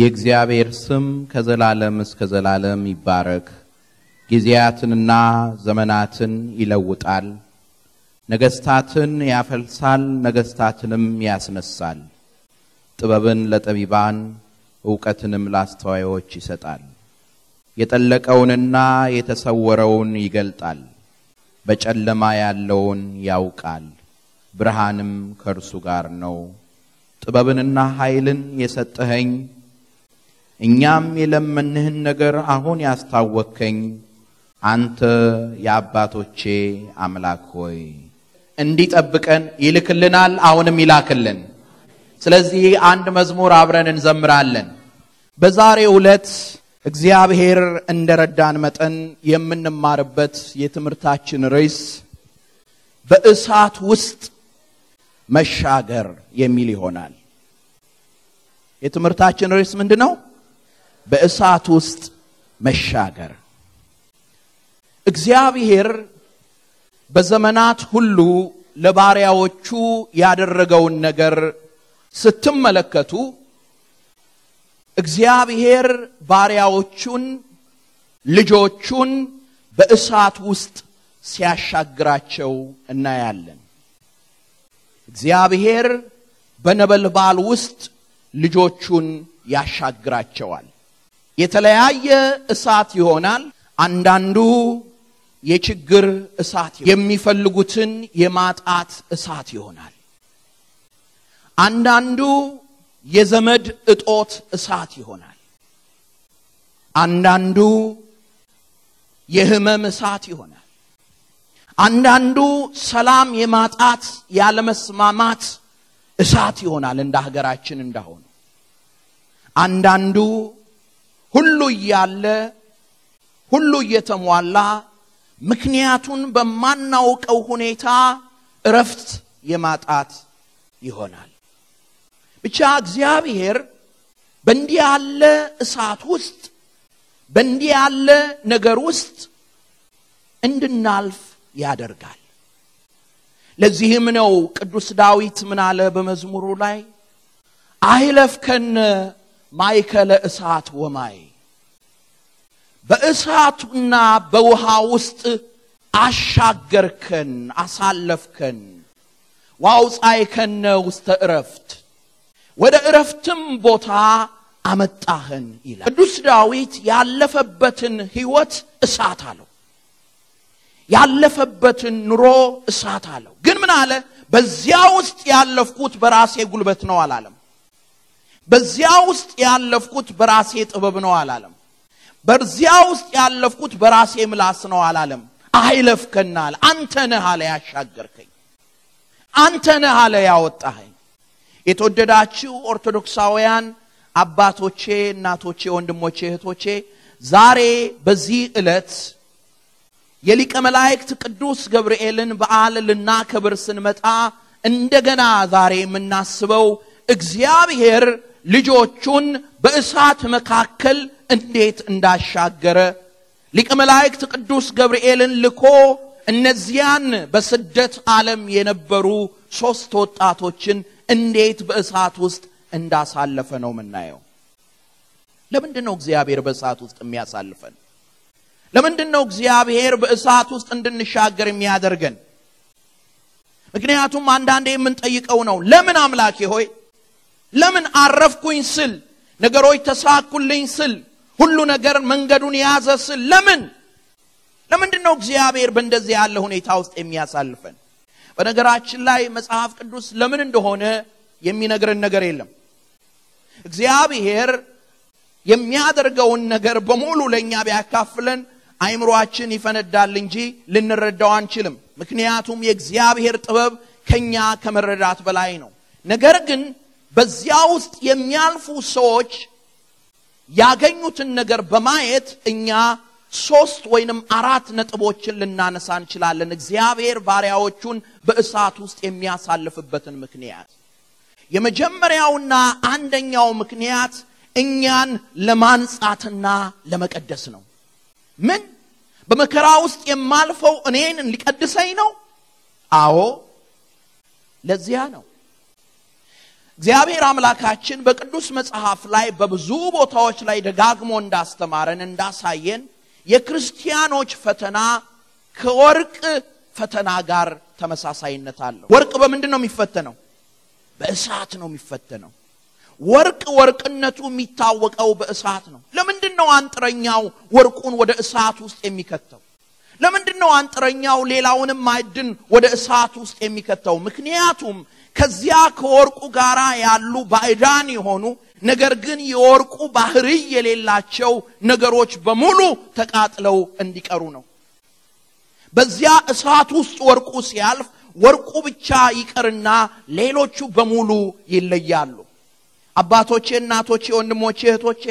የእግዚአብሔር ስም ከዘላለም እስከ ዘላለም ይባረክ። ጊዜያትንና ዘመናትን ይለውጣል፣ ነገስታትን ያፈልሳል፣ ነገስታትንም ያስነሳል። ጥበብን ለጠቢባን እውቀትንም ላስተዋዮች ይሰጣል። የጠለቀውንና የተሰወረውን ይገልጣል፣ በጨለማ ያለውን ያውቃል፣ ብርሃንም ከእርሱ ጋር ነው። ጥበብንና ኃይልን የሰጠኸኝ እኛም የለመንህን ነገር አሁን ያስታወከኝ አንተ የአባቶቼ አምላክ ሆይ እንዲጠብቀን ይልክልናል፣ አሁንም ይላክልን። ስለዚህ አንድ መዝሙር አብረን እንዘምራለን። በዛሬ ዕለት እግዚአብሔር እንደረዳን መጠን የምንማርበት የትምህርታችን ርዕስ በእሳት ውስጥ መሻገር የሚል ይሆናል። የትምህርታችን ርዕስ ምንድን ነው? በእሳት ውስጥ መሻገር እግዚአብሔር በዘመናት ሁሉ ለባሪያዎቹ ያደረገውን ነገር ስትመለከቱ እግዚአብሔር ባሪያዎቹን ልጆቹን በእሳት ውስጥ ሲያሻግራቸው እናያለን። እግዚአብሔር በነበልባል ውስጥ ልጆቹን ያሻግራቸዋል። የተለያየ እሳት ይሆናል። አንዳንዱ የችግር እሳት የሚፈልጉትን የማጣት እሳት ይሆናል። አንዳንዱ የዘመድ እጦት እሳት ይሆናል። አንዳንዱ የህመም እሳት ይሆናል። አንዳንዱ ሰላም የማጣት ያለመስማማት እሳት ይሆናል። እንደ ሀገራችን እንዳሆኑ አንዳንዱ ሁሉ እያለ ሁሉ እየተሟላ ምክንያቱን በማናውቀው ሁኔታ እረፍት የማጣት ይሆናል። ብቻ እግዚአብሔር በእንዲህ ያለ እሳት ውስጥ በእንዲህ ያለ ነገር ውስጥ እንድናልፍ ያደርጋል። ለዚህም ነው ቅዱስ ዳዊት ምን አለ በመዝሙሩ ላይ አይለፍከን ማይከለ እሳት ወማይ በእሳቱና በውሃ ውስጥ አሻገርከን አሳለፍከን ዋውፃይከነ ውስተ እረፍት ወደ እረፍትም ቦታ አመጣህን ይላል ቅዱስ ዳዊት ያለፈበትን ህይወት እሳት አለው ያለፈበትን ኑሮ እሳት አለው ግን ምን አለ በዚያ ውስጥ ያለፍኩት በራሴ ጉልበት ነው አላለም በዚያ ውስጥ ያለፍኩት በራሴ ጥበብ ነው አላለም። በዚያ ውስጥ ያለፍኩት በራሴ ምላስ ነው አላለም። አይለፍከናል አንተ ነህ አለ ያሻገርከኝ፣ አንተ ነህ አለ ያወጣኸኝ። የተወደዳችሁ ኦርቶዶክሳውያን አባቶቼ፣ እናቶቼ፣ ወንድሞቼ፣ እህቶቼ ዛሬ በዚህ ዕለት የሊቀ መላእክት ቅዱስ ገብርኤልን በዓል ልናከብር ስንመጣ እንደገና ዛሬ የምናስበው እግዚአብሔር ልጆቹን በእሳት መካከል እንዴት እንዳሻገረ ሊቀ መላእክት ቅዱስ ገብርኤልን ልኮ እነዚያን በስደት ዓለም የነበሩ ሦስት ወጣቶችን እንዴት በእሳት ውስጥ እንዳሳለፈ ነው የምናየው። ለምንድን ነው እግዚአብሔር በእሳት ውስጥ የሚያሳልፈን? ለምንድን ነው እግዚአብሔር በእሳት ውስጥ እንድንሻገር የሚያደርገን? ምክንያቱም አንዳንዴ የምንጠይቀው ነው፣ ለምን አምላኬ ሆይ ለምን አረፍኩኝ ስል፣ ነገሮች ተሳኩልኝ ስል፣ ሁሉ ነገር መንገዱን የያዘ ስል ለምን ለምንድን ነው እግዚአብሔር በእንደዚህ ያለ ሁኔታ ውስጥ የሚያሳልፈን? በነገራችን ላይ መጽሐፍ ቅዱስ ለምን እንደሆነ የሚነግረን ነገር የለም። እግዚአብሔር የሚያደርገውን ነገር በሙሉ ለእኛ ቢያካፍለን አይምሯችን ይፈነዳል እንጂ ልንረዳው አንችልም። ምክንያቱም የእግዚአብሔር ጥበብ ከኛ ከመረዳት በላይ ነው። ነገር ግን በዚያ ውስጥ የሚያልፉ ሰዎች ያገኙትን ነገር በማየት እኛ ሶስት ወይንም አራት ነጥቦችን ልናነሳ እንችላለን። እግዚአብሔር ባሪያዎቹን በእሳት ውስጥ የሚያሳልፍበትን ምክንያት የመጀመሪያውና አንደኛው ምክንያት እኛን ለማንጻትና ለመቀደስ ነው። ምን በመከራ ውስጥ የማልፈው እኔን ሊቀድሰኝ ነው? አዎ፣ ለዚያ ነው። እግዚአብሔር አምላካችን በቅዱስ መጽሐፍ ላይ በብዙ ቦታዎች ላይ ደጋግሞ እንዳስተማረን እንዳሳየን የክርስቲያኖች ፈተና ከወርቅ ፈተና ጋር ተመሳሳይነት አለው። ወርቅ በምንድን ነው የሚፈተነው? በእሳት ነው የሚፈተነው። ወርቅ ወርቅነቱ የሚታወቀው በእሳት ነው። ለምንድን ነው አንጥረኛው ወርቁን ወደ እሳት ውስጥ የሚከተው? ለምንድን ነው አንጥረኛው ሌላውንም ማዕድን ወደ እሳት ውስጥ የሚከተው? ምክንያቱም ከዚያ ከወርቁ ጋር ያሉ ባዕዳን የሆኑ ነገር ግን የወርቁ ባህሪ የሌላቸው ነገሮች በሙሉ ተቃጥለው እንዲቀሩ ነው። በዚያ እሳት ውስጥ ወርቁ ሲያልፍ ወርቁ ብቻ ይቀርና ሌሎቹ በሙሉ ይለያሉ። አባቶቼ፣ እናቶቼ፣ ወንድሞቼ፣ እህቶቼ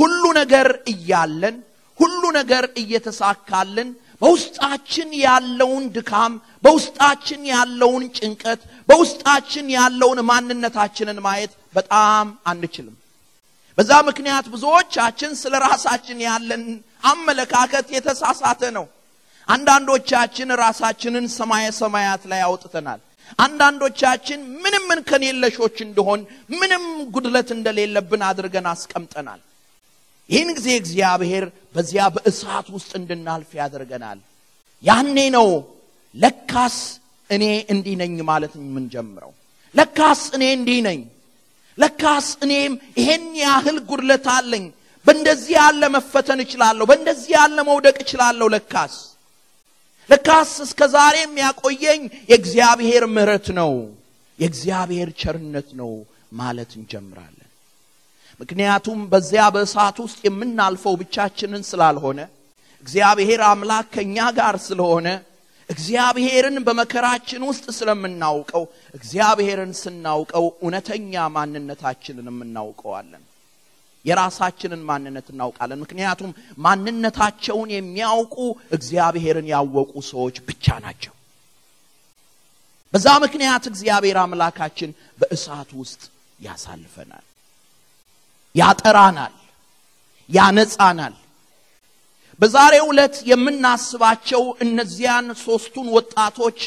ሁሉ ነገር እያለን ሁሉ ነገር እየተሳካልን በውስጣችን ያለውን ድካም፣ በውስጣችን ያለውን ጭንቀት፣ በውስጣችን ያለውን ማንነታችንን ማየት በጣም አንችልም። በዛ ምክንያት ብዙዎቻችን ስለ ራሳችን ያለን አመለካከት የተሳሳተ ነው። አንዳንዶቻችን ራሳችንን ሰማየ ሰማያት ላይ አውጥተናል። አንዳንዶቻችን ምንም ምን ከኔለሾች እንደሆን ምንም ጉድለት እንደሌለብን አድርገን አስቀምጠናል። ይህን ጊዜ እግዚአብሔር በዚያ በእሳት ውስጥ እንድናልፍ ያደርገናል። ያኔ ነው ለካስ እኔ እንዲህ ነኝ ማለት የምንጀምረው። ለካስ እኔ እንዲህ ነኝ፣ ለካስ እኔም ይሄን ያህል ጉድለት አለኝ፣ በእንደዚህ ያለ መፈተን እችላለሁ፣ በእንደዚህ ያለ መውደቅ እችላለሁ። ለካስ ለካስ እስከ ዛሬ የሚያቆየኝ የእግዚአብሔር ምረት ነው፣ የእግዚአብሔር ቸርነት ነው ማለት እንጀምራለን። ምክንያቱም በዚያ በእሳት ውስጥ የምናልፈው ብቻችንን ስላልሆነ እግዚአብሔር አምላክ ከእኛ ጋር ስለሆነ እግዚአብሔርን በመከራችን ውስጥ ስለምናውቀው እግዚአብሔርን ስናውቀው እውነተኛ ማንነታችንን የምናውቀዋለን የራሳችንን ማንነት እናውቃለን። ምክንያቱም ማንነታቸውን የሚያውቁ እግዚአብሔርን ያወቁ ሰዎች ብቻ ናቸው። በዛ ምክንያት እግዚአብሔር አምላካችን በእሳት ውስጥ ያሳልፈናል። ያጠራናል፣ ያነጻናል። በዛሬው ዕለት የምናስባቸው እነዚያን ሦስቱን ወጣቶች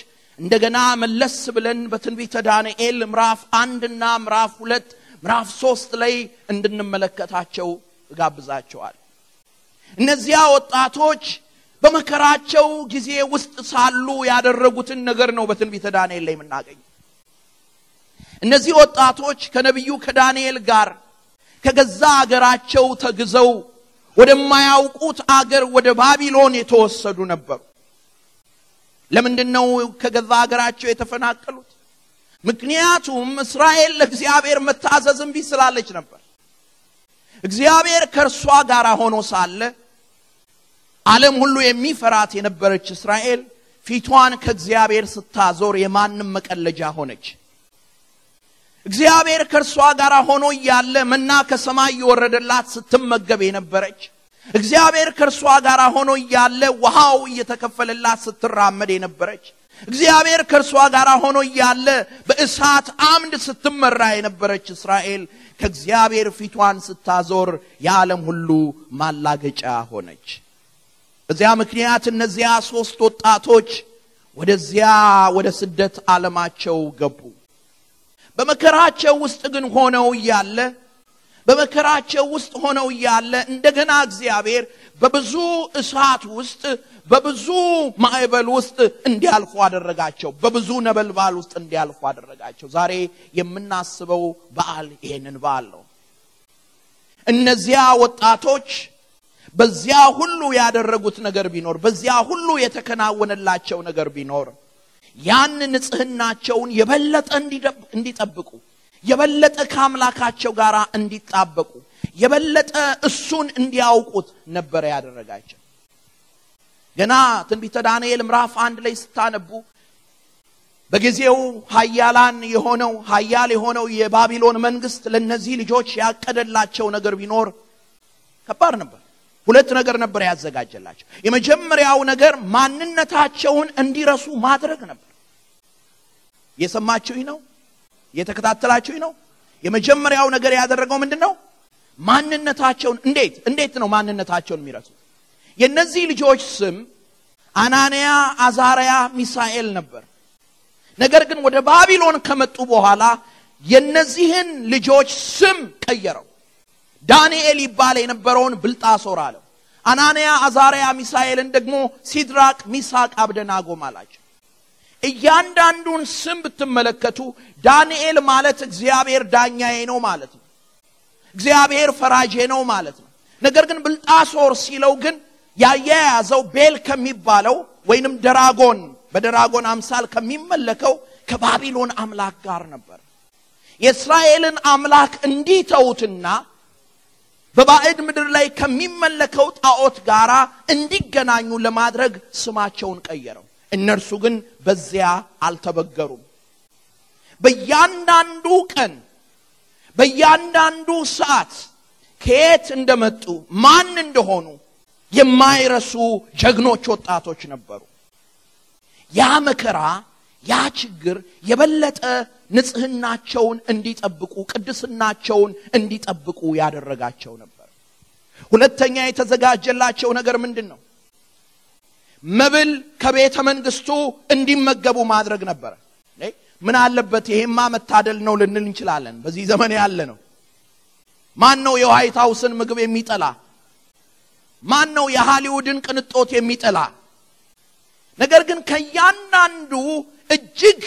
እንደገና መለስ ብለን በትንቢተ ዳንኤል ምዕራፍ አንድና ምዕራፍ ሁለት ምዕራፍ ሶስት ላይ እንድንመለከታቸው እጋብዛቸዋል። እነዚያ ወጣቶች በመከራቸው ጊዜ ውስጥ ሳሉ ያደረጉትን ነገር ነው በትንቢተ ዳንኤል ላይ የምናገኘው። እነዚህ ወጣቶች ከነቢዩ ከዳንኤል ጋር ከገዛ አገራቸው ተግዘው ወደማያውቁት አገር ወደ ባቢሎን የተወሰዱ ነበሩ። ለምንድን ነው ከገዛ አገራቸው የተፈናቀሉት? ምክንያቱም እስራኤል ለእግዚአብሔር መታዘዝ እምቢ ስላለች ነበር። እግዚአብሔር ከእርሷ ጋር ሆኖ ሳለ ዓለም ሁሉ የሚፈራት የነበረች እስራኤል ፊቷን ከእግዚአብሔር ስታዞር የማንም መቀለጃ ሆነች። እግዚአብሔር ከእርሷ ጋር ሆኖ እያለ መና ከሰማይ እየወረደላት ስትመገብ የነበረች እግዚአብሔር ከእርሷ ጋር ሆኖ እያለ ውሃው እየተከፈለላት ስትራመድ የነበረች እግዚአብሔር ከእርሷ ጋር ሆኖ እያለ በእሳት አምድ ስትመራ የነበረች እስራኤል ከእግዚአብሔር ፊቷን ስታዞር የዓለም ሁሉ ማላገጫ ሆነች። በዚያ ምክንያት እነዚያ ሦስት ወጣቶች ወደዚያ ወደ ስደት ዓለማቸው ገቡ። በመከራቸው ውስጥ ግን ሆነው እያለ በመከራቸው ውስጥ ሆነው እያለ እንደገና እግዚአብሔር በብዙ እሳት ውስጥ በብዙ ማዕበል ውስጥ እንዲያልፉ አደረጋቸው። በብዙ ነበልባል ውስጥ እንዲያልፉ አደረጋቸው። ዛሬ የምናስበው በዓል ይሄንን በዓል ነው። እነዚያ ወጣቶች በዚያ ሁሉ ያደረጉት ነገር ቢኖር፣ በዚያ ሁሉ የተከናወነላቸው ነገር ቢኖር ያን ንጽህናቸውን የበለጠ እንዲጠብቁ የበለጠ ከአምላካቸው ጋር እንዲጣበቁ የበለጠ እሱን እንዲያውቁት ነበረ ያደረጋቸው ገና ትንቢተ ዳንኤል ምዕራፍ አንድ ላይ ስታነቡ በጊዜው ሀያላን የሆነው ሀያል የሆነው የባቢሎን መንግስት ለእነዚህ ልጆች ያቀደላቸው ነገር ቢኖር ከባድ ነበር ሁለት ነገር ነበር ያዘጋጀላቸው የመጀመሪያው ነገር ማንነታቸውን እንዲረሱ ማድረግ ነበር የሰማችሁኝ ነው? የተከታተላችሁኝ ነው? የመጀመሪያው ነገር ያደረገው ምንድን ነው? ማንነታቸውን እንዴት እንዴት ነው ማንነታቸውን የሚረሱት? የእነዚህ ልጆች ስም አናንያ፣ አዛርያ፣ ሚሳኤል ነበር። ነገር ግን ወደ ባቢሎን ከመጡ በኋላ የእነዚህን ልጆች ስም ቀየረው። ዳንኤል ይባል የነበረውን ብልጣሶር አለው። አናንያ፣ አዛርያ፣ ሚሳኤልን ደግሞ ሲድራቅ፣ ሚሳቅ፣ አብደናጎም አላቸው። እያንዳንዱን ስም ብትመለከቱ ዳንኤል ማለት እግዚአብሔር ዳኛዬ ነው ማለት ነው። እግዚአብሔር ፈራጄ ነው ማለት ነው። ነገር ግን ብልጣሶር ሲለው ግን ያያያዘው ቤል ከሚባለው ወይንም ደራጎን በደራጎን አምሳል ከሚመለከው ከባቢሎን አምላክ ጋር ነበር። የእስራኤልን አምላክ እንዲተውትና በባዕድ ምድር ላይ ከሚመለከው ጣዖት ጋር እንዲገናኙ ለማድረግ ስማቸውን ቀየረው። እነርሱ ግን በዚያ አልተበገሩም በእያንዳንዱ ቀን በእያንዳንዱ ሰዓት ከየት እንደመጡ ማን እንደሆኑ የማይረሱ ጀግኖች ወጣቶች ነበሩ ያ መከራ ያ ችግር የበለጠ ንጽህናቸውን እንዲጠብቁ ቅድስናቸውን እንዲጠብቁ ያደረጋቸው ነበር ሁለተኛ የተዘጋጀላቸው ነገር ምንድን ነው መብል ከቤተ መንግስቱ እንዲመገቡ ማድረግ ነበረ ምን አለበት ይሄማ መታደል ነው ልንል እንችላለን በዚህ ዘመን ያለ ነው ማን ነው የዋይት ሀውስን ምግብ የሚጠላ ማን ነው የሃሊውድን ቅንጦት የሚጠላ ነገር ግን ከያንዳንዱ እጅግ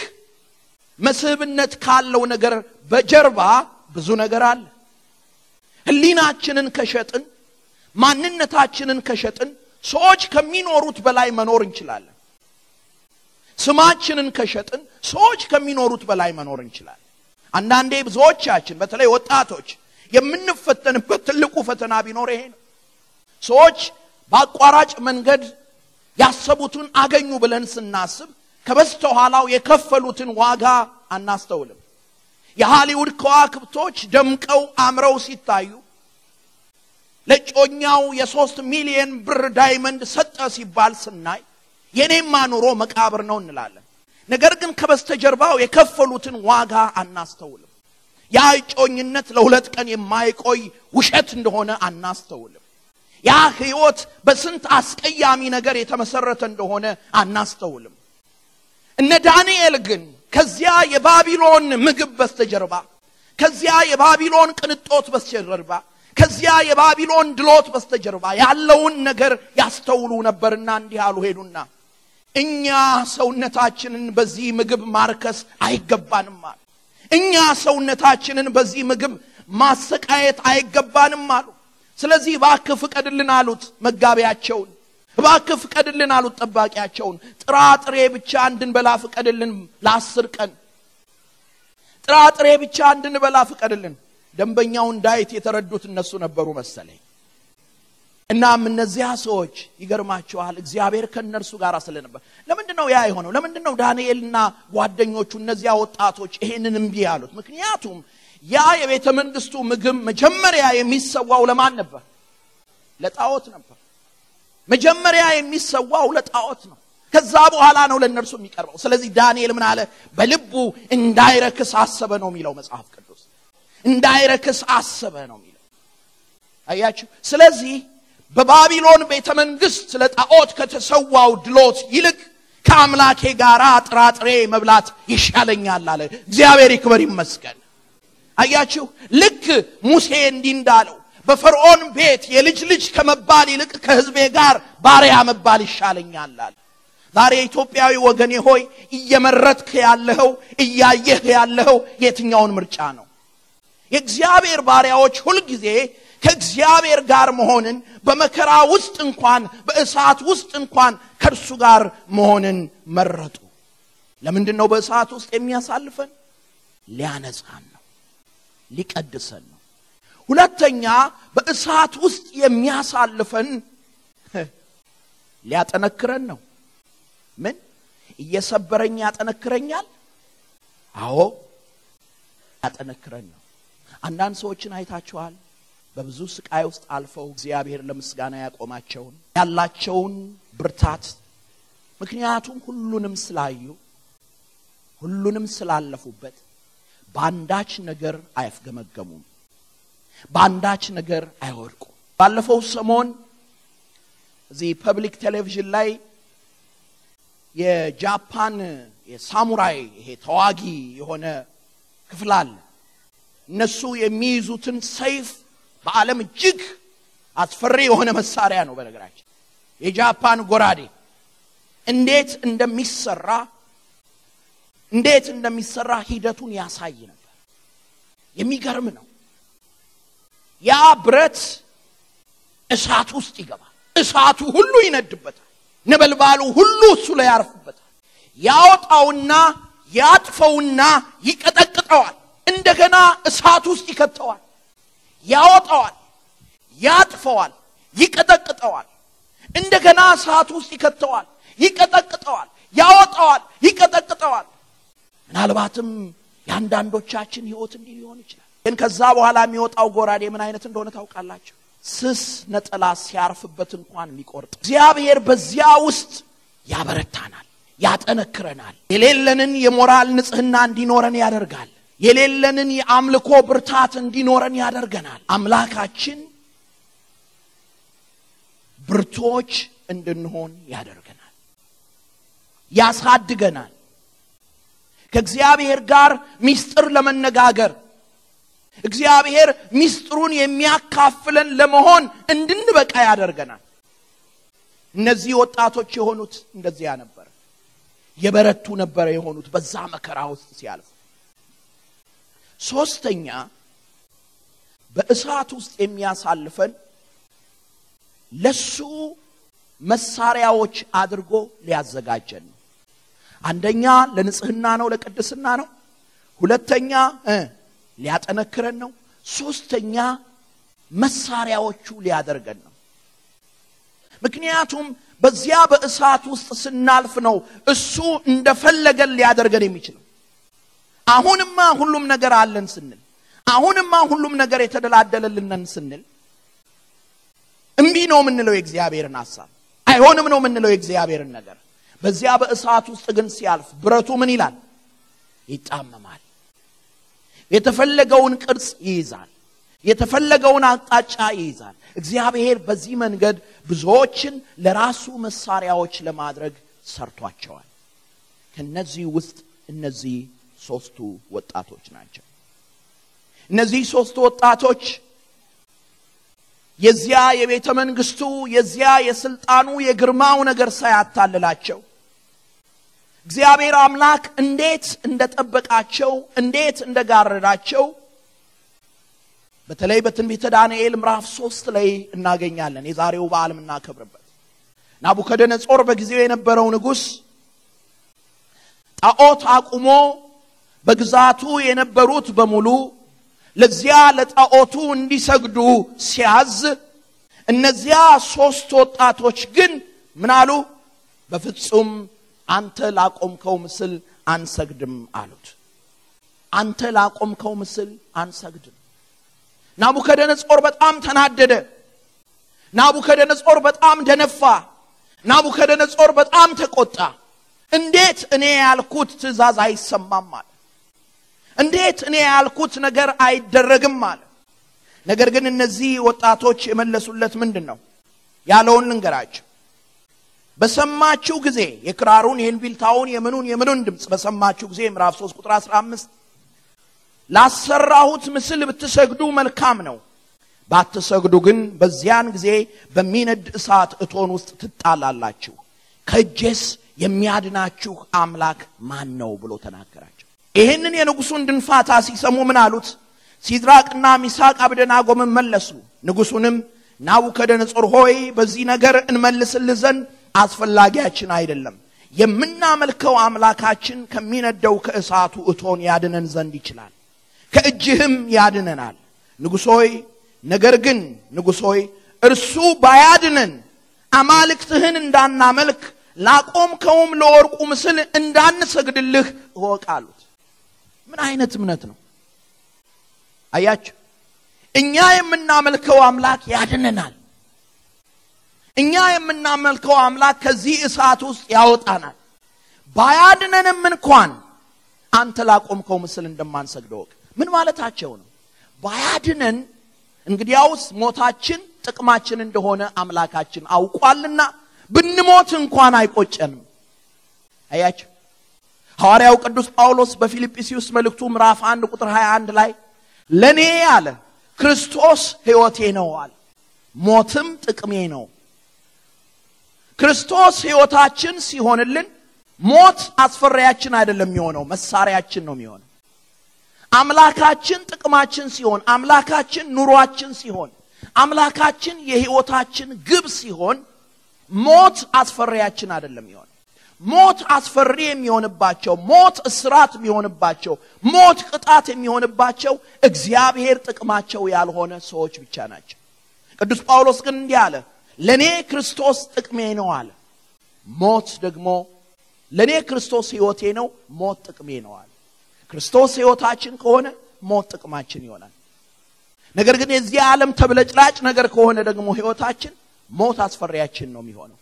መስህብነት ካለው ነገር በጀርባ ብዙ ነገር አለ ህሊናችንን ከሸጥን ማንነታችንን ከሸጥን ሰዎች ከሚኖሩት በላይ መኖር እንችላለን። ስማችንን ከሸጥን ሰዎች ከሚኖሩት በላይ መኖር እንችላለን። አንዳንዴ ብዙዎቻችን በተለይ ወጣቶች የምንፈተንበት ትልቁ ፈተና ቢኖር ይሄ ነው። ሰዎች በአቋራጭ መንገድ ያሰቡትን አገኙ ብለን ስናስብ ከበስተኋላው የከፈሉትን ዋጋ አናስተውልም። የሃሊውድ ከዋክብቶች ደምቀው አምረው ሲታዩ ለጮኛው የሶስት ሚሊየን ብር ዳይመንድ ሰጠ ሲባል ስናይ የኔማ ኑሮ መቃብር ነው እንላለን። ነገር ግን ከበስተጀርባው የከፈሉትን ዋጋ አናስተውልም። ያ ጮኝነት ለሁለት ቀን የማይቆይ ውሸት እንደሆነ አናስተውልም። ያ ህይወት በስንት አስቀያሚ ነገር የተመሰረተ እንደሆነ አናስተውልም። እነ ዳንኤል ግን ከዚያ የባቢሎን ምግብ በስተጀርባ ከዚያ የባቢሎን ቅንጦት በስተጀርባ ከዚያ የባቢሎን ድሎት በስተጀርባ ያለውን ነገር ያስተውሉ ነበርና እንዲህ አሉ ሄዱና እኛ ሰውነታችንን በዚህ ምግብ ማርከስ አይገባንም አሉ እኛ ሰውነታችንን በዚህ ምግብ ማሰቃየት አይገባንም አሉ ስለዚህ ባክ ፍቀድልን አሉት መጋቢያቸውን ባክ ፍቀድልን አሉት ጠባቂያቸውን ጥራጥሬ ብቻ እንድንበላ ፍቀድልን ለአስር ቀን ጥራጥሬ ብቻ እንድንበላ ፍቀድልን ደንበኛውን ዳይት የተረዱት እነሱ ነበሩ መሰለኝ። እናም እነዚያ ሰዎች ይገርማቸዋል፣ እግዚአብሔር ከእነርሱ ጋር ስለነበር። ለምንድን ነው ያ የሆነው? ለምንድን ነው ዳንኤልና ጓደኞቹ እነዚያ ወጣቶች ይሄንን እምቢ ያሉት? ምክንያቱም ያ የቤተ መንግስቱ ምግብ መጀመሪያ የሚሰዋው ለማን ነበር? ለጣዖት ነበር። መጀመሪያ የሚሰዋው ለጣዖት ነው። ከዛ በኋላ ነው ለእነርሱ የሚቀርበው። ስለዚህ ዳንኤል ምን አለ? በልቡ እንዳይረክስ አሰበ ነው የሚለው መጽሐፍ ቅዱስ። እንዳይረክስ አሰበ ነው የሚለው አያችሁ ስለዚህ በባቢሎን ቤተ መንግስት ለጣዖት ከተሰዋው ድሎት ይልቅ ከአምላኬ ጋር ጥራጥሬ መብላት ይሻለኛል አለ እግዚአብሔር ይክበር ይመስገን አያችሁ ልክ ሙሴ እንዲህ እንዳለው በፈርዖን ቤት የልጅ ልጅ ከመባል ይልቅ ከህዝቤ ጋር ባሪያ መባል ይሻለኛል አለ ዛሬ ኢትዮጵያዊ ወገኔ ሆይ እየመረጥክ ያለኸው እያየህ ያለኸው የትኛውን ምርጫ ነው የእግዚአብሔር ባሪያዎች ሁልጊዜ ከእግዚአብሔር ጋር መሆንን በመከራ ውስጥ እንኳን በእሳት ውስጥ እንኳን ከእርሱ ጋር መሆንን መረጡ ለምንድን ነው በእሳት ውስጥ የሚያሳልፈን ሊያነጻን ነው ሊቀድሰን ነው ሁለተኛ በእሳት ውስጥ የሚያሳልፈን ሊያጠነክረን ነው ምን እየሰበረኝ ያጠነክረኛል አዎ ያጠነክረን ነው አንዳንድ ሰዎችን አይታችኋል። በብዙ ስቃይ ውስጥ አልፈው እግዚአብሔር ለምስጋና ያቆማቸውን ያላቸውን ብርታት ምክንያቱም ሁሉንም ስላዩ ሁሉንም ስላለፉበት በአንዳች ነገር አይፍገመገሙም፣ በአንዳች ነገር አይወድቁም። ባለፈው ሰሞን እዚህ ፐብሊክ ቴሌቪዥን ላይ የጃፓን የሳሙራይ ይሄ ተዋጊ የሆነ ክፍል አለ እነሱ የሚይዙትን ሰይፍ በዓለም እጅግ አስፈሪ የሆነ መሳሪያ ነው። በነገራችን የጃፓን ጎራዴ እንዴት እንደሚሰራ እንዴት እንደሚሰራ ሂደቱን ያሳይ ነበር። የሚገርም ነው። ያ ብረት እሳት ውስጥ ይገባል። እሳቱ ሁሉ ይነድበታል። ነበልባሉ ሁሉ እሱ ላይ ያርፍበታል። ያወጣውና ያጥፈውና ይቀጠቅጠዋል። እንደገና እሳት ውስጥ ይከተዋል፣ ያወጣዋል፣ ያጥፈዋል፣ ይቀጠቅጠዋል። እንደገና እሳት ውስጥ ይከተዋል፣ ይቀጠቅጠዋል፣ ያወጣዋል፣ ይቀጠቅጠዋል። ምናልባትም የአንዳንዶቻችን ህይወት እንዲህ ሊሆን ይችላል። ግን ከዛ በኋላ የሚወጣው ጎራዴ ምን አይነት እንደሆነ ታውቃላቸው? ስስ ነጠላ ሲያርፍበት እንኳን የሚቆርጥ እግዚአብሔር በዚያ ውስጥ ያበረታናል፣ ያጠነክረናል፣ የሌለንን የሞራል ንጽህና እንዲኖረን ያደርጋል። የሌለንን የአምልኮ ብርታት እንዲኖረን ያደርገናል። አምላካችን ብርቶች እንድንሆን ያደርገናል፣ ያሳድገናል። ከእግዚአብሔር ጋር ምስጢር ለመነጋገር እግዚአብሔር ምስጢሩን የሚያካፍለን ለመሆን እንድንበቃ ያደርገናል። እነዚህ ወጣቶች የሆኑት እንደዚያ ነበር፣ የበረቱ ነበረ የሆኑት በዛ መከራ ውስጥ ሲያልፉ ሶስተኛ በእሳት ውስጥ የሚያሳልፈን ለሱ መሳሪያዎች አድርጎ ሊያዘጋጀን ነው። አንደኛ ለንጽህና ነው፣ ለቅድስና ነው። ሁለተኛ ሊያጠነክረን ነው። ሶስተኛ መሳሪያዎቹ ሊያደርገን ነው። ምክንያቱም በዚያ በእሳት ውስጥ ስናልፍ ነው እሱ እንደፈለገን ሊያደርገን የሚችለው። አሁንማ ሁሉም ነገር አለን ስንል፣ አሁንማ ሁሉም ነገር የተደላደለልነን ስንል እምቢ ነው የምንለው የእግዚአብሔርን አሳብ አይሆንም ነው የምንለው የእግዚአብሔርን ነገር። በዚያ በእሳት ውስጥ ግን ሲያልፍ ብረቱ ምን ይላል? ይጣመማል። የተፈለገውን ቅርጽ ይይዛል። የተፈለገውን አቅጣጫ ይይዛል። እግዚአብሔር በዚህ መንገድ ብዙዎችን ለራሱ መሳሪያዎች ለማድረግ ሰርቷቸዋል። ከነዚህ ውስጥ እነዚህ ሶስቱ ወጣቶች ናቸው እነዚህ ሶስቱ ወጣቶች የዚያ የቤተ መንግስቱ የዚያ የስልጣኑ የግርማው ነገር ሳያታልላቸው እግዚአብሔር አምላክ እንዴት እንደጠበቃቸው እንዴት እንደጋረዳቸው በተለይ በትንቢተ ዳንኤል ምዕራፍ ሶስት ላይ እናገኛለን የዛሬው በዓል የምናከብርበት ናቡከደነጾር በጊዜው የነበረው ንጉስ ጣዖት አቁሞ በግዛቱ የነበሩት በሙሉ ለዚያ ለጣዖቱ እንዲሰግዱ ሲያዝ እነዚያ ሦስት ወጣቶች ግን ምናሉ በፍጹም አንተ ላቆምከው ምስል አንሰግድም አሉት። አንተ ላቆምከው ምስል አንሰግድም። ናቡከደነጾር በጣም ተናደደ። ናቡከደነጾር በጣም ደነፋ። ናቡከደነጾር በጣም ተቆጣ። እንዴት እኔ ያልኩት ትእዛዝ አይሰማም አለ። እንዴት እኔ ያልኩት ነገር አይደረግም አለ። ነገር ግን እነዚህ ወጣቶች የመለሱለት ምንድን ነው ያለውን ልንገራችሁ። በሰማችሁ ጊዜ የክራሩን፣ የእንቢልታውን፣ የምኑን የምኑን ድምፅ በሰማችሁ ጊዜ ምዕራፍ 3 ቁጥር 15 ላሰራሁት ምስል ብትሰግዱ መልካም ነው፣ ባትሰግዱ ግን በዚያን ጊዜ በሚነድ እሳት እቶን ውስጥ ትጣላላችሁ። ከእጄስ የሚያድናችሁ አምላክ ማን ነው ብሎ ተናገራቸው። ይህንን የንጉሱን ድንፋታ ሲሰሙ ምን አሉት? ሲድራቅና ሚሳቅ አብደናጎምን መለሱ። ንጉሱንም ናቡከደነጾር ሆይ በዚህ ነገር እንመልስልህ ዘንድ አስፈላጊያችን አይደለም። የምናመልከው አምላካችን ከሚነደው ከእሳቱ እቶን ያድነን ዘንድ ይችላል፣ ከእጅህም ያድነናል። ንጉሶይ ነገር ግን ንጉሶይ እርሱ ባያድነን አማልክትህን እንዳናመልክ ላቆምከውም ለወርቁ ምስል እንዳንሰግድልህ እወቃሉት ምን አይነት እምነት ነው አያችሁ እኛ የምናመልከው አምላክ ያድነናል እኛ የምናመልከው አምላክ ከዚህ እሳት ውስጥ ያወጣናል ባያድነንም እንኳን አንተ ላቆምከው ምስል እንደማንሰግደ ወቅ ምን ማለታቸው ነው ባያድነን እንግዲያውስ ሞታችን ጥቅማችን እንደሆነ አምላካችን አውቋልና ብንሞት እንኳን አይቆጨንም አያቸው ሐዋርያው ቅዱስ ጳውሎስ በፊልጵስዩስ መልእክቱ ምዕራፍ 1 ቁጥር 21 ላይ ለኔ አለ ክርስቶስ ሕይወቴ ነው አለ፣ ሞትም ጥቅሜ ነው። ክርስቶስ ሕይወታችን ሲሆንልን ሞት አስፈሪያችን አይደለም የሚሆነው፣ መሳሪያችን ነው የሚሆነው። አምላካችን ጥቅማችን ሲሆን፣ አምላካችን ኑሯችን ሲሆን፣ አምላካችን የሕይወታችን ግብ ሲሆን ሞት አስፈሪያችን አይደለም የሚሆነው ሞት አስፈሪ የሚሆንባቸው፣ ሞት እስራት የሚሆንባቸው፣ ሞት ቅጣት የሚሆንባቸው እግዚአብሔር ጥቅማቸው ያልሆነ ሰዎች ብቻ ናቸው። ቅዱስ ጳውሎስ ግን እንዲህ አለ፣ ለእኔ ክርስቶስ ጥቅሜ ነው አለ። ሞት ደግሞ ለእኔ ክርስቶስ ሕይወቴ ነው፣ ሞት ጥቅሜ ነው አለ። ክርስቶስ ሕይወታችን ከሆነ ሞት ጥቅማችን ይሆናል። ነገር ግን የዚህ ዓለም ተብለጭላጭ ነገር ከሆነ ደግሞ ሕይወታችን ሞት አስፈሪያችን ነው የሚሆነው።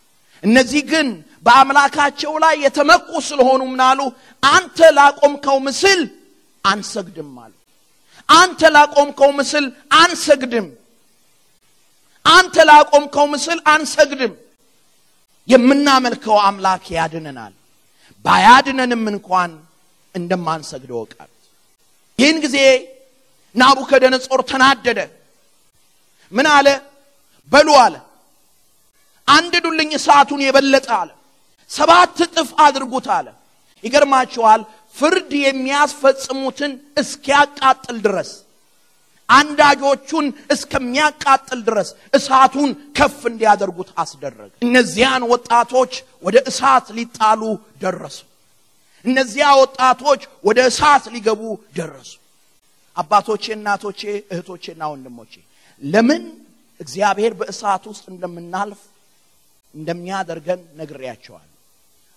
እነዚህ ግን በአምላካቸው ላይ የተመቁ ስለሆኑ ምናሉ አንተ ላቆምከው ምስል አንሰግድም አሉ አንተ ላቆምከው ምስል አንሰግድም አንተ ላቆምከው ምስል አንሰግድም የምናመልከው አምላክ ያድነናል ባያድነንም እንኳን እንደማንሰግደው ቃል ይህን ጊዜ ናቡከደነጾር ተናደደ ምን አለ በሉ አለ አንድዱልኝ እሳቱን የበለጠ አለ። ሰባት ጥፍ አድርጉት አለ። ይገርማችኋል፣ ፍርድ የሚያስፈጽሙትን እስኪያቃጥል ድረስ አንዳጆቹን እስከሚያቃጥል ድረስ እሳቱን ከፍ እንዲያደርጉት አስደረገ። እነዚያን ወጣቶች ወደ እሳት ሊጣሉ ደረሱ። እነዚያ ወጣቶች ወደ እሳት ሊገቡ ደረሱ። አባቶቼ፣ እናቶቼ፣ እህቶቼና ወንድሞቼ ለምን እግዚአብሔር በእሳት ውስጥ እንደምናልፍ እንደሚያደርገን ነግሬያቸዋል።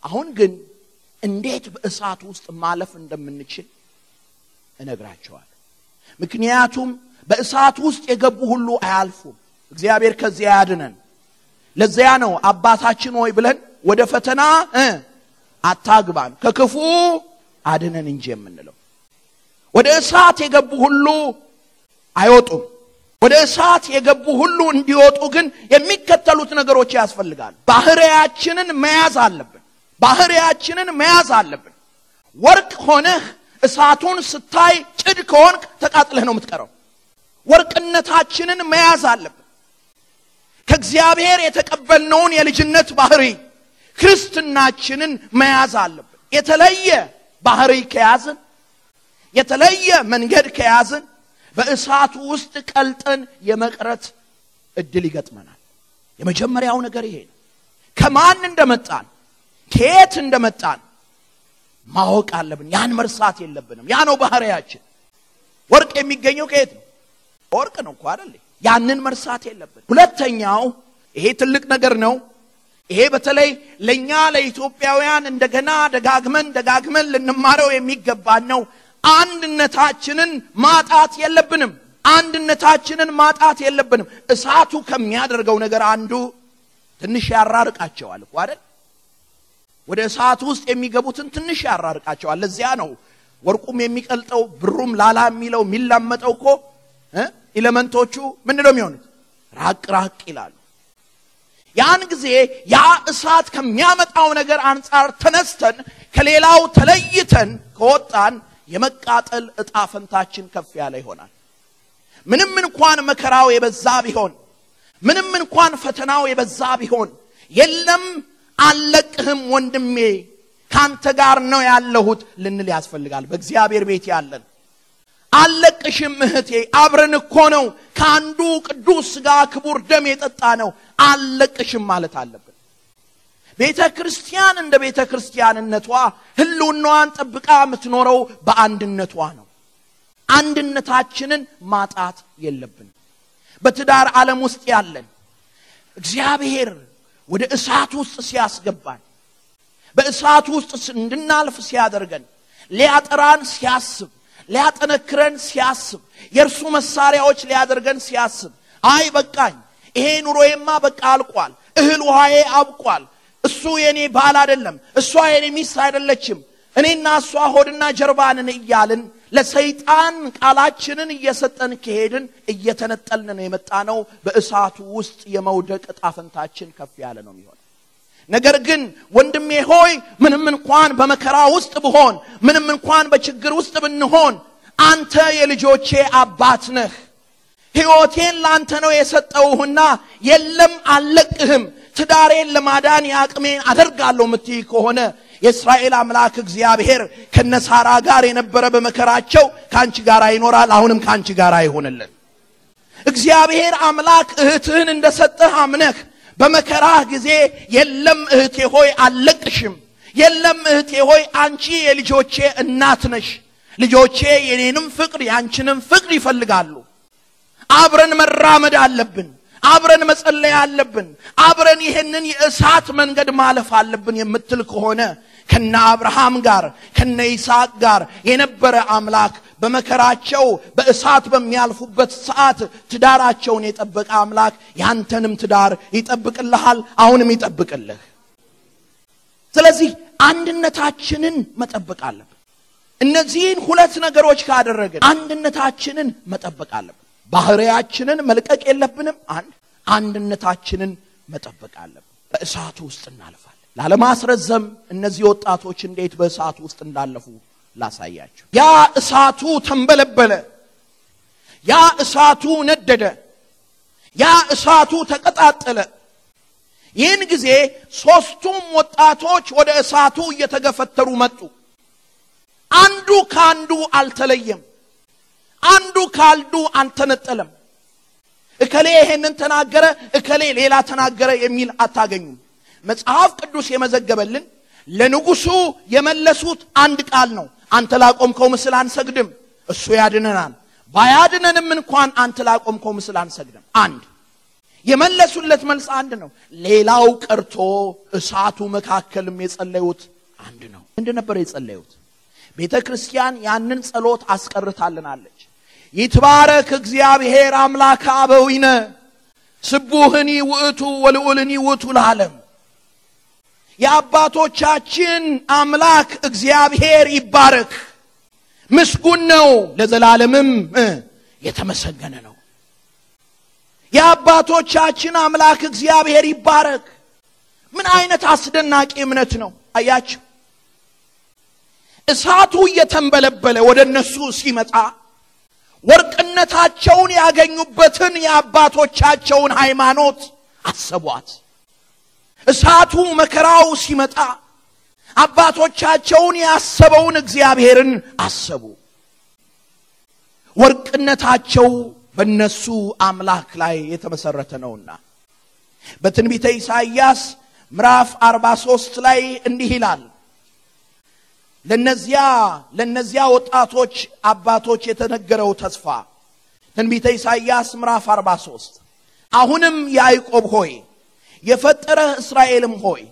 አሁን ግን እንዴት በእሳት ውስጥ ማለፍ እንደምንችል እነግራቸዋል። ምክንያቱም በእሳት ውስጥ የገቡ ሁሉ አያልፉም። እግዚአብሔር ከዚያ ያድነን። ለዚያ ነው አባታችን ሆይ ብለን ወደ ፈተና አታግባን ከክፉ አድነን እንጂ የምንለው። ወደ እሳት የገቡ ሁሉ አይወጡም። ወደ እሳት የገቡ ሁሉ እንዲወጡ ግን የሚከተሉት ነገሮች ያስፈልጋል ባህሪያችንን መያዝ አለብን። ባህሪያችንን መያዝ አለብን። ወርቅ ሆነህ እሳቱን ስታይ ጭድ ከሆንክ ተቃጥለህ ነው የምትቀረው። ወርቅነታችንን መያዝ አለብን። ከእግዚአብሔር የተቀበልነውን የልጅነት ባህሪ ክርስትናችንን መያዝ አለብን። የተለየ ባህሪ ከያዝን፣ የተለየ መንገድ ከያዝን በእሳቱ ውስጥ ቀልጠን የመቅረት እድል ይገጥመናል። የመጀመሪያው ነገር ይሄ ነው። ከማን እንደመጣን ከየት እንደመጣን ማወቅ አለብን። ያን መርሳት የለብንም። ያ ነው ባህሪያችን። ወርቅ የሚገኘው ከየት ነው? ወርቅ ነው እኮ አይደል? ያንን መርሳት የለብን። ሁለተኛው ይሄ ትልቅ ነገር ነው። ይሄ በተለይ ለእኛ ለኢትዮጵያውያን እንደገና ደጋግመን ደጋግመን ልንማረው የሚገባን ነው። አንድነታችንን ማጣት የለብንም። አንድነታችንን ማጣት የለብንም። እሳቱ ከሚያደርገው ነገር አንዱ ትንሽ ያራርቃቸዋል እኮ አይደል? ወደ እሳቱ ውስጥ የሚገቡትን ትንሽ ያራርቃቸዋል። ለዚያ ነው ወርቁም የሚቀልጠው ብሩም ላላ የሚለው የሚላመጠው እኮ ኢለመንቶቹ ምንድን ነው የሚሆኑት? ራቅ ራቅ ይላሉ። ያን ጊዜ ያ እሳት ከሚያመጣው ነገር አንጻር ተነስተን ከሌላው ተለይተን ከወጣን የመቃጠል እጣ ፈንታችን ከፍ ያለ ይሆናል። ምንም እንኳን መከራው የበዛ ቢሆን፣ ምንም እንኳን ፈተናው የበዛ ቢሆን፣ የለም አለቅህም ወንድሜ ካንተ ጋር ነው ያለሁት ልንል ያስፈልጋል። በእግዚአብሔር ቤት ያለን አለቅሽም እህቴ፣ አብረን እኮ ነው ከአንዱ ቅዱስ ሥጋ ክቡር ደም የጠጣ ነው፣ አለቅሽም ማለት አለብን። ቤተ ክርስቲያን እንደ ቤተ ክርስቲያንነቷ ህልውናዋን ጠብቃ የምትኖረው በአንድነቷ ነው። አንድነታችንን ማጣት የለብን። በትዳር ዓለም ውስጥ ያለን እግዚአብሔር ወደ እሳት ውስጥ ሲያስገባን በእሳት ውስጥ እንድናልፍ ሲያደርገን ሊያጠራን ሲያስብ ሊያጠነክረን ሲያስብ የእርሱ መሳሪያዎች ሊያደርገን ሲያስብ አይ በቃኝ፣ ይሄ ኑሮዬማ በቃ አልቋል፣ እህል ውሃዬ አብቋል፣ እሱ የኔ ባል አይደለም፣ እሷ የኔ ሚስት አይደለችም፣ እኔና እሷ ሆድና ጀርባንን እያልን ለሰይጣን ቃላችንን እየሰጠን ከሄድን እየተነጠልን ነው የመጣ ነው። በእሳቱ ውስጥ የመውደቅ ጣፈንታችን ከፍ ያለ ነው የሚሆነው። ነገር ግን ወንድሜ ሆይ ምንም እንኳን በመከራ ውስጥ ብሆን፣ ምንም እንኳን በችግር ውስጥ ብንሆን፣ አንተ የልጆቼ አባት ነህ። ሕይወቴን ላንተ ነው የሰጠውህና የለም አልለቅህም ትዳሬን ለማዳን የአቅሜን አደርጋለሁ ምትይ ከሆነ የእስራኤል አምላክ እግዚአብሔር ከነሳራ ጋር የነበረ በመከራቸው ከአንቺ ጋር ይኖራል። አሁንም ከአንቺ ጋር ይሆንልን። እግዚአብሔር አምላክ እህትህን እንደሰጠህ አምነህ በመከራህ ጊዜ የለም እህቴ ሆይ አለቅሽም የለም እህቴ ሆይ አንቺ የልጆቼ እናት ነሽ፣ ልጆቼ የኔንም ፍቅር ያንቺንም ፍቅር ይፈልጋሉ። አብረን መራመድ አለብን። አብረን መጸለይ አለብን። አብረን ይሄንን የእሳት መንገድ ማለፍ አለብን የምትል ከሆነ ከነ አብርሃም ጋር ከነ ይስሐቅ ጋር የነበረ አምላክ በመከራቸው በእሳት በሚያልፉበት ሰዓት ትዳራቸውን የጠበቀ አምላክ ያንተንም ትዳር ይጠብቅልሃል፣ አሁንም ይጠብቅልህ። ስለዚህ አንድነታችንን መጠበቅ አለብን። እነዚህን ሁለት ነገሮች ካደረግን አንድነታችንን መጠበቅ አለብን። ባህሪያችንን መልቀቅ የለብንም። አንድ አንድነታችንን መጠበቅ አለብን። በእሳቱ ውስጥ እናልፋለን። ላለማስረዘም እነዚህ ወጣቶች እንዴት በእሳቱ ውስጥ እንዳለፉ ላሳያችሁ። ያ እሳቱ ተንበለበለ፣ ያ እሳቱ ነደደ፣ ያ እሳቱ ተቀጣጠለ። ይህን ጊዜ ሦስቱም ወጣቶች ወደ እሳቱ እየተገፈተሩ መጡ። አንዱ ከአንዱ አልተለየም። አንዱ ካልዱ አልተነጠለም። እከሌ ይሄንን ተናገረ፣ እከሌ ሌላ ተናገረ የሚል አታገኙም። መጽሐፍ ቅዱስ የመዘገበልን ለንጉሱ የመለሱት አንድ ቃል ነው። አንተ ላቆምከው ምስል አንሰግድም፣ እሱ ያድነናል። ባያድነንም እንኳን አንተ ላቆምከው ምስል አንሰግድም። አንድ የመለሱለት መልስ አንድ ነው። ሌላው ቀርቶ እሳቱ መካከልም የጸለዩት አንድ ነው። እንደ ነበር የጸለዩት ቤተ ክርስቲያን ያንን ጸሎት አስቀርታልናለች። ይትባረክ እግዚአብሔር አምላከ አበዊነ ስቡህኒ ውእቱ ወልዑልኒ ውእቱ ለዓለም የአባቶቻችን አምላክ እግዚአብሔር ይባረክ፣ ምስጉን ነው፣ ለዘላለምም የተመሰገነ ነው። የአባቶቻችን አምላክ እግዚአብሔር ይባረክ። ምን አይነት አስደናቂ እምነት ነው! አያችሁ፣ እሳቱ እየተንበለበለ ወደ እነሱ ሲመጣ ወርቅነታቸውን ያገኙበትን የአባቶቻቸውን ሃይማኖት አሰቧት። እሳቱ መከራው ሲመጣ አባቶቻቸውን ያሰበውን እግዚአብሔርን አሰቡ። ወርቅነታቸው በእነሱ አምላክ ላይ የተመሰረተ ነውና በትንቢተ ኢሳይያስ ምዕራፍ 43 ላይ እንዲህ ይላል ለነዚያ ለነዚያ ወጣቶች አባቶች የተነገረው ተስፋ ትንቢተ ኢሳይያስ ምዕራፍ 43 አሁንም ያዕቆብ ሆይ የፈጠረህ እስራኤልም ሆይ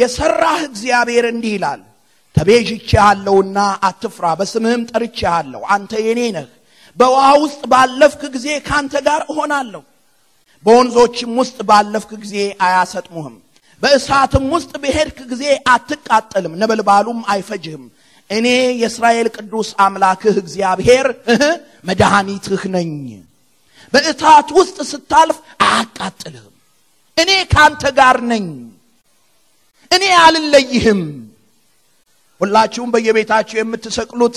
የሰራህ እግዚአብሔር እንዲህ ይላል ተቤዥቼሃለሁና አትፍራ በስምህም ጠርቼሃለሁ አንተ የኔ ነህ በውሃ ውስጥ ባለፍክ ጊዜ ካንተ ጋር እሆናለሁ በወንዞችም ውስጥ ባለፍክ ጊዜ አያሰጥሙህም በእሳትም ውስጥ በሄድክ ጊዜ አትቃጠልም፣ ነበልባሉም አይፈጅህም። እኔ የእስራኤል ቅዱስ አምላክህ እግዚአብሔር መድኃኒትህ ነኝ። በእሳት ውስጥ ስታልፍ አያቃጥልህም። እኔ ካንተ ጋር ነኝ፣ እኔ አልለይህም። ሁላችሁም በየቤታችሁ የምትሰቅሉት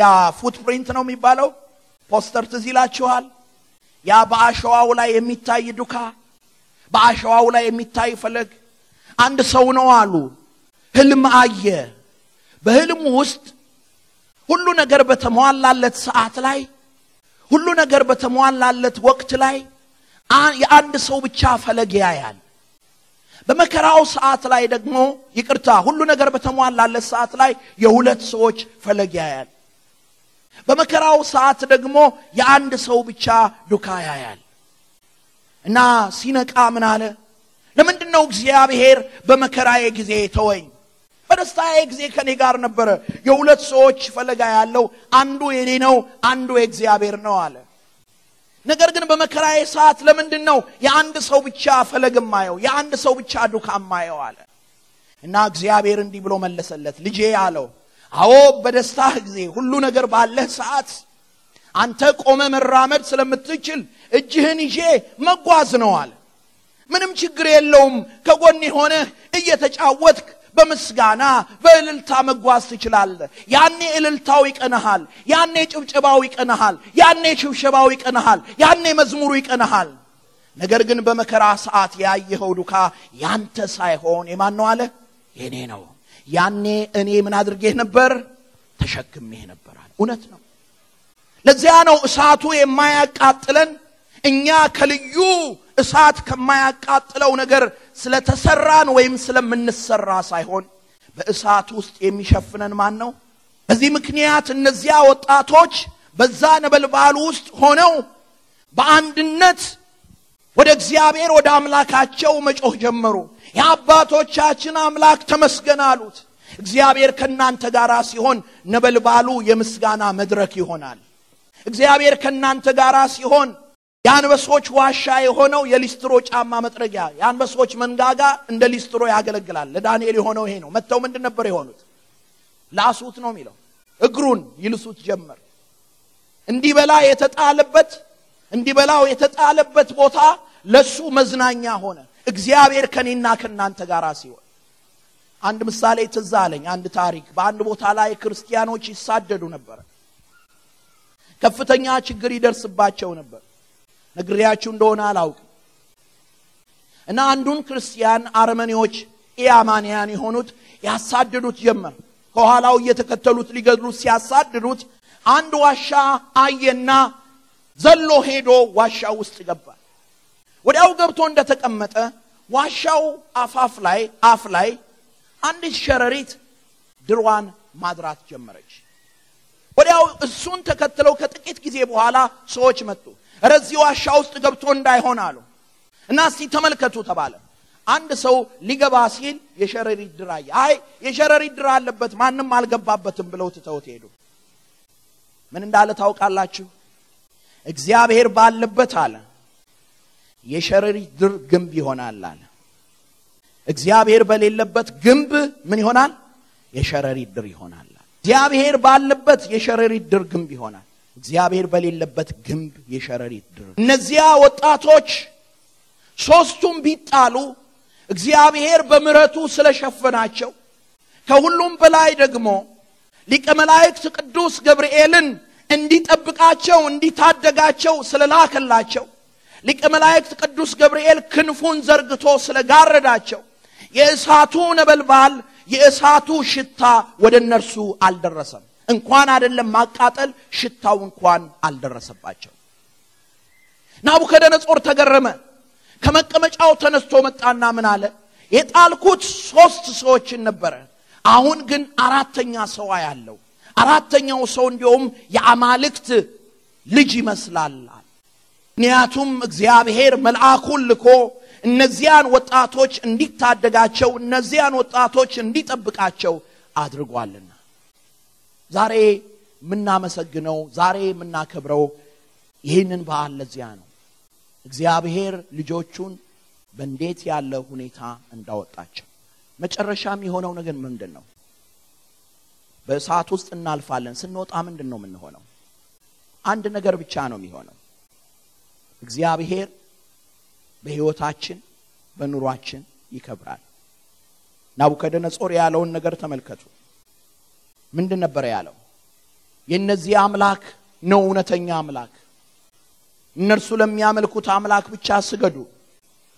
ያ ፉትፕሪንት ነው የሚባለው ፖስተር ትዝ ይላችኋል። ያ በአሸዋው ላይ የሚታይ ዱካ፣ በአሸዋው ላይ የሚታይ ፈለግ አንድ ሰው ነው አሉ። ህልም አየ። በህልሙ ውስጥ ሁሉ ነገር በተሟላለት ሰዓት ላይ ሁሉ ነገር በተሟላለት ወቅት ላይ የአንድ ሰው ብቻ ፈለግ ያያል። በመከራው ሰዓት ላይ ደግሞ ይቅርታ፣ ሁሉ ነገር በተሟላለት ሰዓት ላይ የሁለት ሰዎች ፈለግ ያያል። በመከራው ሰዓት ደግሞ የአንድ ሰው ብቻ ዱካ ያያል እና ሲነቃ ምን አለ? ለምንድን ነው እግዚአብሔር በመከራዬ ጊዜ ተወኝ? በደስታዬ ጊዜ ከኔ ጋር ነበረ። የሁለት ሰዎች ፈለጋ ያለው አንዱ የኔ ነው፣ አንዱ የእግዚአብሔር ነው አለ። ነገር ግን በመከራዬ ሰዓት ለምንድን ነው የአንድ ሰው ብቻ ፈለግ ማየው፣ የአንድ ሰው ብቻ ዱካም ማየው አለ እና እግዚአብሔር እንዲህ ብሎ መለሰለት። ልጄ አለው፣ አዎ በደስታህ ጊዜ ሁሉ ነገር ባለህ ሰዓት አንተ ቆመ መራመድ ስለምትችል እጅህን ይዤ መጓዝ ነው አለ ምንም ችግር የለውም። ከጎን ሆነህ እየተጫወትክ በምስጋና በእልልታ መጓዝ ትችላለ ያኔ እልልታው ይቀናሃል፣ ያኔ ጭብጭባው ይቀናሃል፣ ያኔ ሽብሸባው ይቀናሃል፣ ያኔ መዝሙሩ ይቀናሃል። ነገር ግን በመከራ ሰዓት ያየኸው ዱካ ያንተ ሳይሆን የማን ነው አለ? የኔ ነው። ያኔ እኔ ምን አድርጌህ ነበር? ተሸክሜህ ነበራል። እውነት ነው። ለዚያ ነው እሳቱ የማያቃጥለን እኛ ከልዩ እሳት ከማያቃጥለው ነገር ስለተሰራን ወይም ስለምንሰራ ሳይሆን በእሳት ውስጥ የሚሸፍነን ማን ነው? በዚህ ምክንያት እነዚያ ወጣቶች በዛ ነበልባሉ ውስጥ ሆነው በአንድነት ወደ እግዚአብሔር ወደ አምላካቸው መጮህ ጀመሩ። የአባቶቻችን አምላክ ተመስገን አሉት። እግዚአብሔር ከእናንተ ጋር ሲሆን ነበልባሉ የምስጋና መድረክ ይሆናል። እግዚአብሔር ከእናንተ ጋር ሲሆን የአንበሶች ዋሻ የሆነው የሊስትሮ ጫማ መጥረጊያ የአንበሶች መንጋጋ እንደ ሊስትሮ ያገለግላል። ለዳንኤል የሆነው ይሄ ነው። መጥተው ምንድን ነበር የሆኑት? ላሱት ነው የሚለው። እግሩን ይልሱት ጀመር። እንዲበላ የተጣለበት እንዲበላው የተጣለበት ቦታ ለሱ መዝናኛ ሆነ። እግዚአብሔር ከኔና ከእናንተ ጋር ሲሆን አንድ ምሳሌ ትዝ አለኝ። አንድ ታሪክ በአንድ ቦታ ላይ ክርስቲያኖች ይሳደዱ ነበር። ከፍተኛ ችግር ይደርስባቸው ነበር። ነግሬያችሁ እንደሆነ አላውቅም። እና አንዱን ክርስቲያን አርመኒዎች ኢያማንያን የሆኑት ያሳድዱት ጀመር። ከኋላው እየተከተሉት ሊገድሉት ሲያሳድዱት አንድ ዋሻ አየና ዘሎ ሄዶ ዋሻ ውስጥ ገባ። ወዲያው ገብቶ እንደተቀመጠ ዋሻው አፋፍ ላይ አፍ ላይ አንዲት ሸረሪት ድሯን ማድራት ጀመረች። ወዲያው እሱን ተከትለው ከጥቂት ጊዜ በኋላ ሰዎች መጡ። ረዚህ ዋሻ ውስጥ ገብቶ እንዳይሆን አሉ እና እስቲ ተመልከቱ ተባለ። አንድ ሰው ሊገባ ሲል የሸረሪት ድር አይ የሸረሪ ድር አለበት ማንም አልገባበትም ብለው ትተውት ሄዱ። ምን እንዳለ ታውቃላችሁ? እግዚአብሔር ባለበት አለ የሸረሪ ድር ግንብ ይሆናል አለ። እግዚአብሔር በሌለበት ግንብ ምን ይሆናል? የሸረሪት ድር ይሆናል። እግዚአብሔር ባለበት የሸረሪት ድር ግንብ ይሆናል። እግዚአብሔር በሌለበት ግንብ የሸረሪት ድር። እነዚያ ወጣቶች ሶስቱም ቢጣሉ እግዚአብሔር በምረቱ ስለሸፈናቸው ከሁሉም በላይ ደግሞ ሊቀ መላእክት ቅዱስ ገብርኤልን እንዲጠብቃቸው እንዲታደጋቸው ስለላከላቸው ሊቀ መላእክት ቅዱስ ገብርኤል ክንፉን ዘርግቶ ስለጋረዳቸው የእሳቱ ነበልባል የእሳቱ ሽታ ወደ እነርሱ አልደረሰም። እንኳን አይደለም ማቃጠል፣ ሽታው እንኳን አልደረሰባቸው። ናቡከደነጾር ተገረመ። ከመቀመጫው ተነስቶ መጣና ምን አለ? የጣልኩት ሶስት ሰዎችን ነበረ፣ አሁን ግን አራተኛ ሰው ያለው አራተኛው ሰው እንዲሁም የአማልክት ልጅ ይመስላል። ምክንያቱም እግዚአብሔር መልአኩን ልኮ እነዚያን ወጣቶች እንዲታደጋቸው እነዚያን ወጣቶች እንዲጠብቃቸው አድርጓልና ዛሬ የምናመሰግነው ዛሬ የምናከብረው ይህንን በዓል ለዚያ ነው። እግዚአብሔር ልጆቹን በእንዴት ያለ ሁኔታ እንዳወጣቸው። መጨረሻም የሆነው ነገር ምንድን ነው? በእሳት ውስጥ እናልፋለን። ስንወጣ ምንድን ነው የምንሆነው? አንድ ነገር ብቻ ነው የሚሆነው። እግዚአብሔር በህይወታችን በኑሯችን ይከብራል ናቡከደነጾር ያለውን ነገር ተመልከቱ ምንድን ነበረ ያለው የእነዚህ አምላክ ነው እውነተኛ አምላክ እነርሱ ለሚያመልኩት አምላክ ብቻ ስገዱ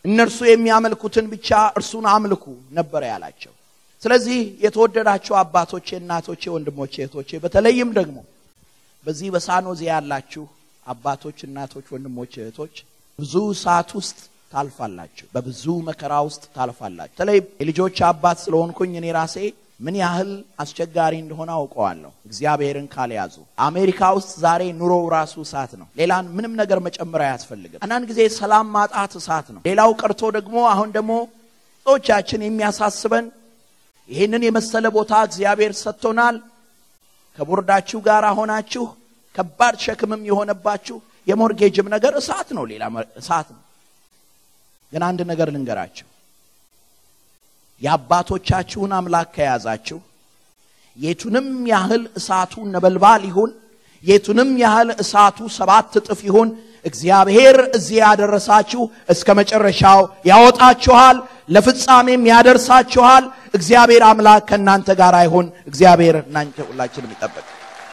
እነርሱ የሚያመልኩትን ብቻ እርሱን አምልኩ ነበረ ያላቸው ስለዚህ የተወደዳቸው አባቶቼ እናቶቼ ወንድሞቼ እህቶቼ በተለይም ደግሞ በዚህ በሳኖዜ ያላችሁ አባቶች እናቶች ወንድሞች እህቶች ብዙ ሰዓት ውስጥ ታልፋላችሁ። በብዙ መከራ ውስጥ ታልፋላችሁ። በተለይ የልጆች አባት ስለሆንኩኝ እኔ ራሴ ምን ያህል አስቸጋሪ እንደሆነ አውቀዋለሁ። እግዚአብሔርን ካልያዙ አሜሪካ ውስጥ ዛሬ ኑሮው ራሱ እሳት ነው። ሌላን ምንም ነገር መጨመር አያስፈልግም። አንዳንድ ጊዜ ሰላም ማጣት እሳት ነው። ሌላው ቀርቶ ደግሞ አሁን ደግሞ ጾቻችን የሚያሳስበን ይህንን የመሰለ ቦታ እግዚአብሔር ሰጥቶናል። ከቦርዳችሁ ጋር ሆናችሁ ከባድ ሸክምም የሆነባችሁ የሞርጌጅም ነገር እሳት ነው። ሌላ እሳት ነው። ግን አንድ ነገር ልንገራችሁ የአባቶቻችሁን አምላክ ከያዛችሁ የቱንም ያህል እሳቱ ነበልባል ይሁን የቱንም ያህል እሳቱ ሰባት እጥፍ ይሁን እግዚአብሔር እዚህ ያደረሳችሁ እስከ መጨረሻው ያወጣችኋል፣ ለፍጻሜም ያደርሳችኋል። እግዚአብሔር አምላክ ከእናንተ ጋር አይሆን። እግዚአብሔር እናንተ ሁላችንም ይጠበቅ።